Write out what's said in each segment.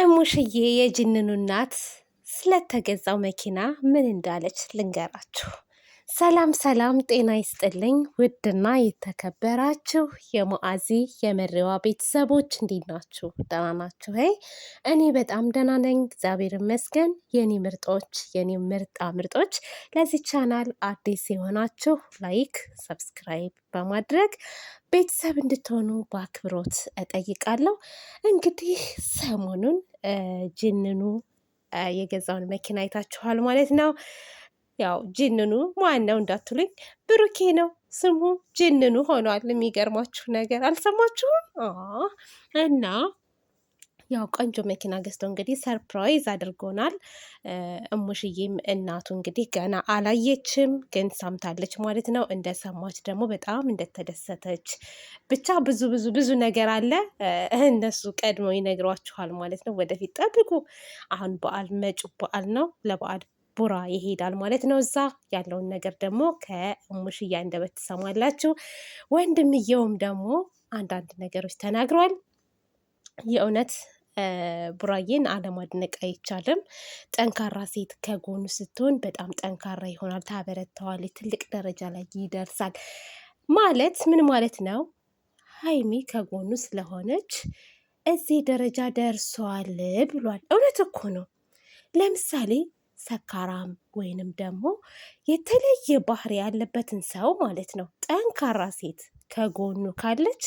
እሙሽዬ የጅንኑ እናት ስለተገዛው መኪና ምን እንዳለች ልንገራችሁ። ሰላም ሰላም፣ ጤና ይስጥልኝ ውድና የተከበራችሁ የሞአዚ የመሪዋ ቤተሰቦች እንዴት ናችሁ? ደህና ናችሁ? እኔ በጣም ደህና ነኝ፣ እግዚአብሔር ይመስገን። የኔ ምርጦች፣ የኔ ምርጣ ምርጦች፣ ለዚህ ቻናል አዲስ የሆናችሁ ላይክ፣ ሰብስክራይብ በማድረግ ቤተሰብ እንድትሆኑ በአክብሮት እጠይቃለሁ። እንግዲህ ሰሞኑን ጅንኑ የገዛውን መኪና አይታችኋል ማለት ነው። ያው ጅንኑ ማን ነው እንዳትሉኝ፣ ብሩኬ ነው ስሙ። ጅንኑ ሆኗል። የሚገርማችሁ ነገር አልሰማችሁም? እና ያው ቆንጆ መኪና ገዝቶ እንግዲህ ሰርፕራይዝ አድርጎናል። እሙሽዬም እናቱ እንግዲህ ገና አላየችም፣ ግን ሰምታለች ማለት ነው። እንደሰማች ደግሞ በጣም እንደተደሰተች ብቻ ብዙ ብዙ ብዙ ነገር አለ። እነሱ ቀድመው ይነግሯችኋል ማለት ነው። ወደፊት ጠብቁ። አሁን በዓል መጪው በዓል ነው። ለበዓል ቡራ ይሄዳል ማለት ነው። እዛ ያለውን ነገር ደግሞ ከሙሽያ እንደበት ትሰማላችሁ። ወንድምየውም ደግሞ አንዳንድ ነገሮች ተናግሯል። የእውነት ቡራዬን አለማድነቅ አይቻልም። ጠንካራ ሴት ከጎኑ ስትሆን በጣም ጠንካራ ይሆናል፣ ታበረተዋል፣ ትልቅ ደረጃ ላይ ይደርሳል። ማለት ምን ማለት ነው? ሀይሚ ከጎኑ ስለሆነች እዚህ ደረጃ ደርሷል ብሏል። እውነት እኮ ነው። ለምሳሌ ሰካራም ወይንም ደግሞ የተለየ ባህሪ ያለበትን ሰው ማለት ነው። ጠንካራ ሴት ከጎኑ ካለች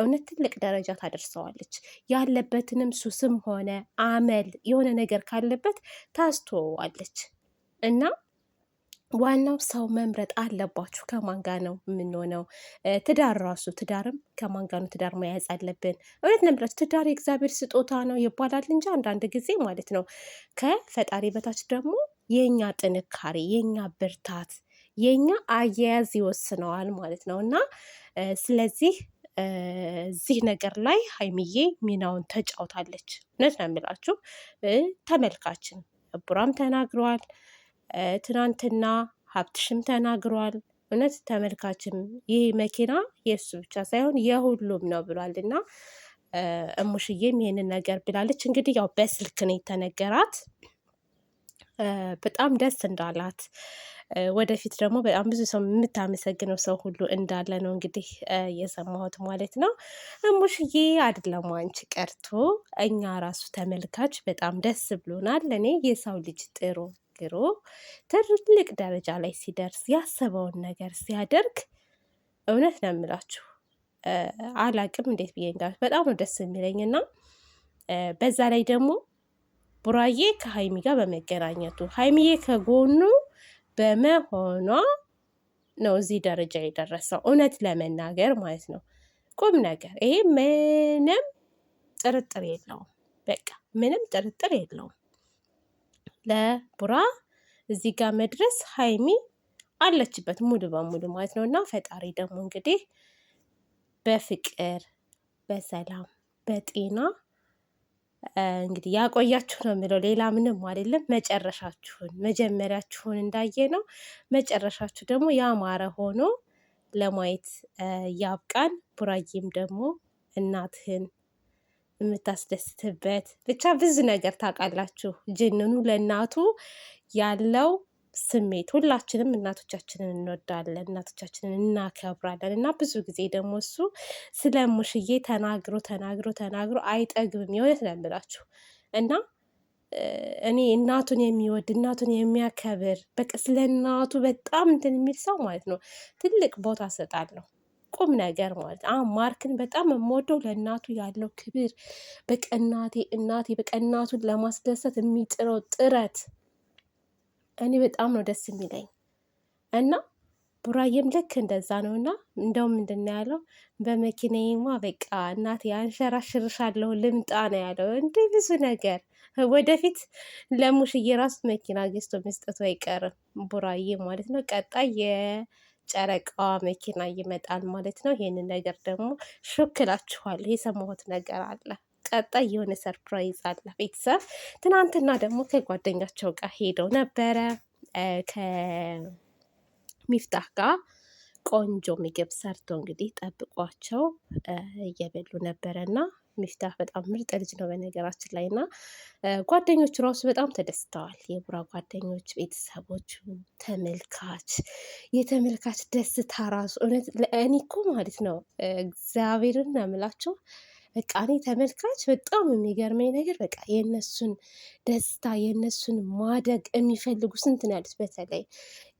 እውነት ትልቅ ደረጃ ታደርሰዋለች። ያለበትንም ሱስም ሆነ አመል የሆነ ነገር ካለበት ታስተወዋለች እና ዋናው ሰው መምረጥ አለባችሁ። ከማን ጋር ነው የምንሆነው? ትዳር ራሱ ትዳርም ከማን ጋር ነው ትዳር መያዝ አለብን። እውነት ነው የምላችሁ ትዳር የእግዚአብሔር ስጦታ ነው ይባላል እንጂ አንዳንድ ጊዜ ማለት ነው ከፈጣሪ በታች ደግሞ የእኛ ጥንካሬ፣ የእኛ ብርታት፣ የእኛ አያያዝ ይወስነዋል ማለት ነው እና ስለዚህ እዚህ ነገር ላይ ሀይሚዬ ሚናውን ተጫውታለች። እውነት ነው የምላችሁ ተመልካችን ቡራም ተናግረዋል። ትናንትና ሀብትሽም ተናግሯል። እውነት ተመልካችም ይህ መኪና የእሱ ብቻ ሳይሆን የሁሉም ነው ብሏል እና እሙሽዬም ይህንን ነገር ብላለች። እንግዲህ ያው በስልክ ነው የተነገራት። በጣም ደስ እንዳላት ወደፊት ደግሞ በጣም ብዙ ሰው የምታመሰግነው ሰው ሁሉ እንዳለ ነው እንግዲህ የሰማሁት ማለት ነው። እሙሽዬ አይደለም አንቺ ቀርቶ እኛ ራሱ ተመልካች በጣም ደስ ብሎናል። እኔ የሰው ልጅ ጥሩ ተሻግሮ ትልቅ ደረጃ ላይ ሲደርስ ያሰበውን ነገር ሲያደርግ እውነት ነው የምላችሁ አላቅም እንዴት ብዬ እንዳ በጣም ነው ደስ የሚለኝ እና በዛ ላይ ደግሞ ቡራዬ ከሀይሚ ጋር በመገናኘቱ ሀይሚዬ ከጎኑ በመሆኗ ነው እዚህ ደረጃ የደረሰው። እውነት ለመናገር ማለት ነው ቁም ነገር ይሄ ምንም ጥርጥር የለውም። በቃ ምንም ጥርጥር የለውም። ለቡራ እዚህ ጋር መድረስ ሀይሚ አለችበት ሙሉ በሙሉ ማለት ነው። እና ፈጣሪ ደግሞ እንግዲህ በፍቅር በሰላም በጤና እንግዲህ ያቆያችሁ ነው የሚለው። ሌላ ምንም አይደለም። መጨረሻችሁን መጀመሪያችሁን እንዳየ ነው መጨረሻችሁ ደግሞ ያማረ ሆኖ ለማየት ያብቃን። ቡራዬም ደግሞ እናትህን የምታስደስትበት ብቻ ብዙ ነገር ታውቃላችሁ። ጅንኑ ለእናቱ ያለው ስሜት ሁላችንም እናቶቻችንን እንወዳለን፣ እናቶቻችንን እናከብራለን። እና ብዙ ጊዜ ደግሞ እሱ ስለ ሙሽዬ ተናግሮ ተናግሮ ተናግሮ አይጠግብም። የእውነት ነው የምላችሁ እና እኔ እናቱን የሚወድ እናቱን የሚያከብር በቃ ስለ እናቱ በጣም እንትን የሚል ሰው ማለት ነው ትልቅ ቦታ እሰጣለሁ። ቁም ነገር ማለት አሁን ማርክን በጣም የምወደው ለእናቱ ያለው ክብር፣ በቀናቴ እናቴ በቀናቱን ለማስደሰት የሚጥረው ጥረት እኔ በጣም ነው ደስ የሚለኝ እና ቡራዬም ልክ እንደዛ ነው እና እንደው ምንድን ነው ያለው በመኪናዬማ በቃ እናቴ አንሸራሽርሻለሁ ልምጣ ነው ያለው። እንደ ብዙ ነገር ወደፊት ለሙሽዬ ራሱ መኪና ገዝቶ መስጠቱ አይቀርም ቡራዬ ማለት ነው ቀጣይ ጨረቃዋ መኪና ይመጣል ማለት ነው። ይህንን ነገር ደግሞ ሾክላችኋለሁ። የሰማሁት ነገር አለ። ቀጣይ የሆነ ሰርፕራይዝ አለ። ቤተሰብ ትናንትና ደግሞ ከጓደኛቸው ጋር ሄደው ነበረ ከሚፍታህ ጋር ቆንጆ ምግብ ሰርቶ እንግዲህ ጠብቋቸው እየበሉ ነበረ እና። ሚፍታህ በጣም ምርጥ ልጅ ነው በነገራችን ላይ እና ጓደኞቹ ራሱ በጣም ተደስተዋል። የቡራ ጓደኞች፣ ቤተሰቦቹ፣ ተመልካች የተመልካች ደስታ ራሱ እውነት ለእኔ እኮ ማለት ነው እግዚአብሔርን እምላቸው በቃ እኔ ተመልካች በጣም የሚገርመኝ ነገር በቃ የእነሱን ደስታ የእነሱን ማደግ የሚፈልጉ ስንት ነው ያሉት። በተለይ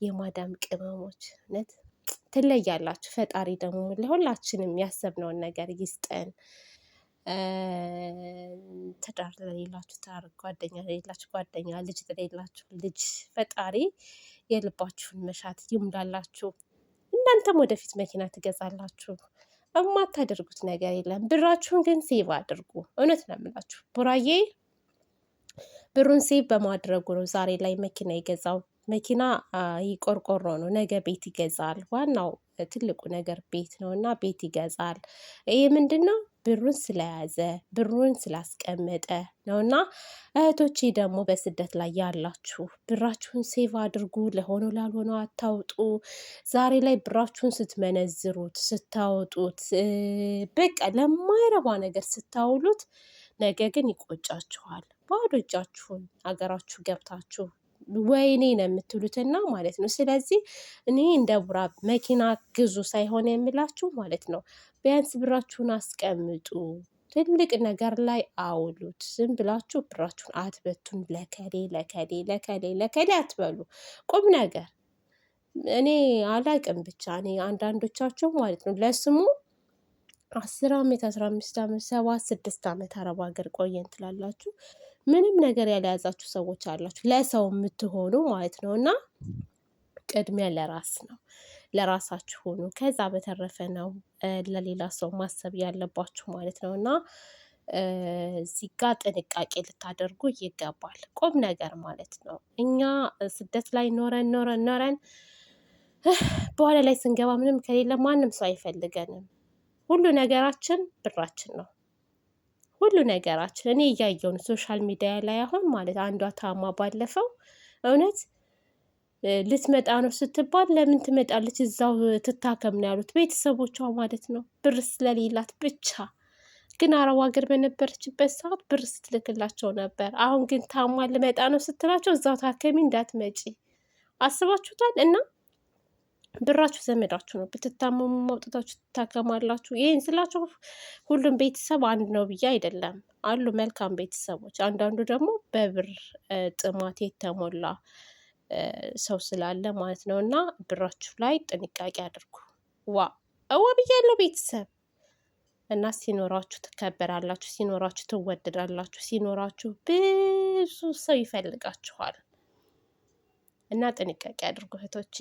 የማዳም ቅመሞች እውነት ትለያላችሁ። ፈጣሪ ደግሞ ለሁላችንም ያሰብነውን ነገር ይስጠን። ትዳር ለሌላችሁ ትዳር፣ ጓደኛ ለሌላችሁ ጓደኛ፣ ልጅ ለሌላችሁ ልጅ፣ ፈጣሪ የልባችሁን መሻት ይሙላላችሁ። እናንተም ወደፊት መኪና ትገዛላችሁ። የማታደርጉት ነገር የለም። ብራችሁን ግን ሴቭ አድርጉ። እውነት ነው የምላችሁ። ቡራዬ ብሩን ሴቭ በማድረጉ ነው ዛሬ ላይ መኪና የገዛው። መኪና ይቆርቆሮ ነው፣ ነገ ቤት ይገዛል። ዋናው ትልቁ ነገር ቤት ነው እና ቤት ይገዛል። ይህ ምንድን ነው ብሩን ስለያዘ ብሩን ስላስቀመጠ ነውና እህቶቼ ደግሞ በስደት ላይ ያላችሁ ብራችሁን ሴቭ አድርጉ። ለሆነው ላልሆነው አታውጡ። ዛሬ ላይ ብራችሁን ስትመነዝሩት፣ ስታወጡት፣ በቃ ለማይረባ ነገር ስታውሉት ነገ ግን ይቆጫችኋል። ባዶ እጃችሁን ሀገራችሁ ገብታችሁ ወይኔ ነው የምትሉትና ማለት ነው። ስለዚህ እኔ እንደ ቡራ መኪና ግዙ ሳይሆን የምላችሁ ማለት ነው ቢያንስ ብራችሁን አስቀምጡ፣ ትልቅ ነገር ላይ አውሉት። ዝም ብላችሁ ብራችሁን አትበቱን። ለከሌ ለከሌ ለከሌ ለከሌ አትበሉ። ቁም ነገር እኔ አላቅም ብቻ እኔ አንዳንዶቻቸው ማለት ነው ለስሙ አስር ዓመት አስራ አምስት ዓመት ሰባት ስድስት ዓመት አረብ ሀገር ቆየን ትላላችሁ። ምንም ነገር ያልያዛችሁ ሰዎች አላችሁ፣ ለሰው የምትሆኑ ማለት ነው። እና ቅድሚያ ለራስ ነው፣ ለራሳችሁ ሆኑ። ከዛ በተረፈ ነው ለሌላ ሰው ማሰብ ያለባችሁ ማለት ነው እና እዚህ ጋር ጥንቃቄ ልታደርጉ ይገባል። ቁም ነገር ማለት ነው። እኛ ስደት ላይ ኖረን ኖረን ኖረን በኋላ ላይ ስንገባ ምንም ከሌለ ማንም ሰው አይፈልገንም። ሁሉ ነገራችን ብራችን ነው። ሁሉ ነገራችን እኔ እያየውን ሶሻል ሚዲያ ላይ አሁን ማለት አንዷ ታማ ባለፈው እውነት ልትመጣ ነው ስትባል ለምን ትመጣለች እዛው ትታከም ነው ያሉት ቤተሰቦቿ ማለት ነው። ብር ስለሌላት ብቻ ግን አረብ ሀገር በነበረችበት ሰዓት ብር ስትልክላቸው ነበር። አሁን ግን ታማ ልመጣ ነው ስትላቸው እዛው ታከሚ እንዳትመጪ አስባችሁታል እና ብራችሁ ዘመዳችሁ ነው። ብትታመሙ ማውጣታችሁ ትታከማላችሁ። ይህን ስላችሁ ሁሉም ቤተሰብ አንድ ነው ብዬ አይደለም። አሉ መልካም ቤተሰቦች፣ አንዳንዱ ደግሞ በብር ጥማት የተሞላ ሰው ስላለ ማለት ነው። እና ብራችሁ ላይ ጥንቃቄ አድርጉ። ዋ እዋ ብያለሁ ቤተሰብ እና ሲኖራችሁ ትከበራላችሁ፣ ሲኖራችሁ ትወደዳላችሁ፣ ሲኖራችሁ ብዙ ሰው ይፈልጋችኋል። እና ጥንቃቄ አድርጉ እህቶቼ።